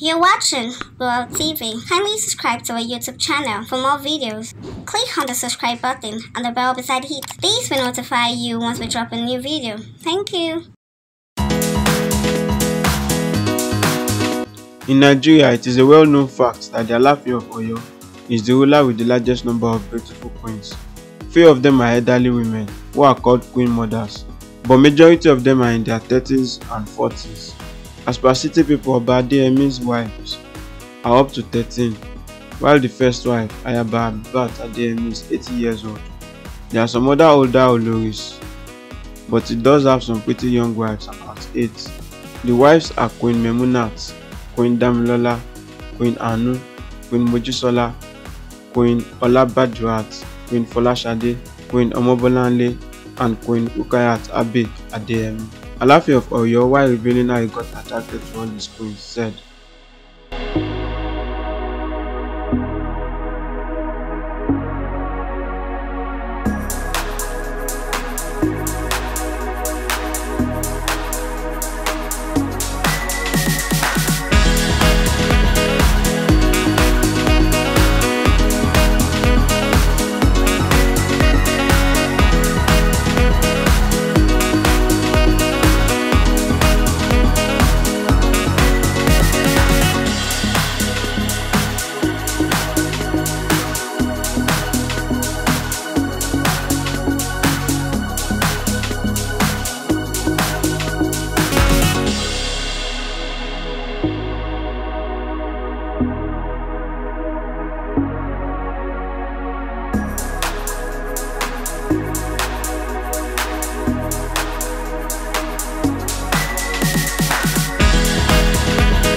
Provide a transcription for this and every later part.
You're watching Blowout TV. Kindly subscribe to our YouTube channel for more videos. Click on the subscribe button and the bell beside it. These will notify you once we drop a new video. Thank you. In Nigeria, it is a well-known fact that the Alafia of Oyo is the ruler with the largest number of beautiful queens. Few of them are elderly women, who are called queen mothers, but majority of them are in their 30s and 40s. As per city people, Oba wives are up to 13, while the first wife, Ayaba Abibat Adeyemi, is 80 years old. There are some other older Oloris, but it does have some pretty young wives about 8. The wives are Queen Memunat, Queen Damilola, Queen Anu, Queen Mojisola, Queen Olabajuat, Queen Folashade, Queen Omobolanle, and Queen Ukayat Abe Adeyemi. Alaafin of Oyo, while revealing how he got attracted to all his said: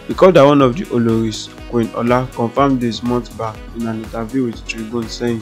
Recall that one of the Oloris, Queen Ola, confirmed this month back in an interview with Tribune saying,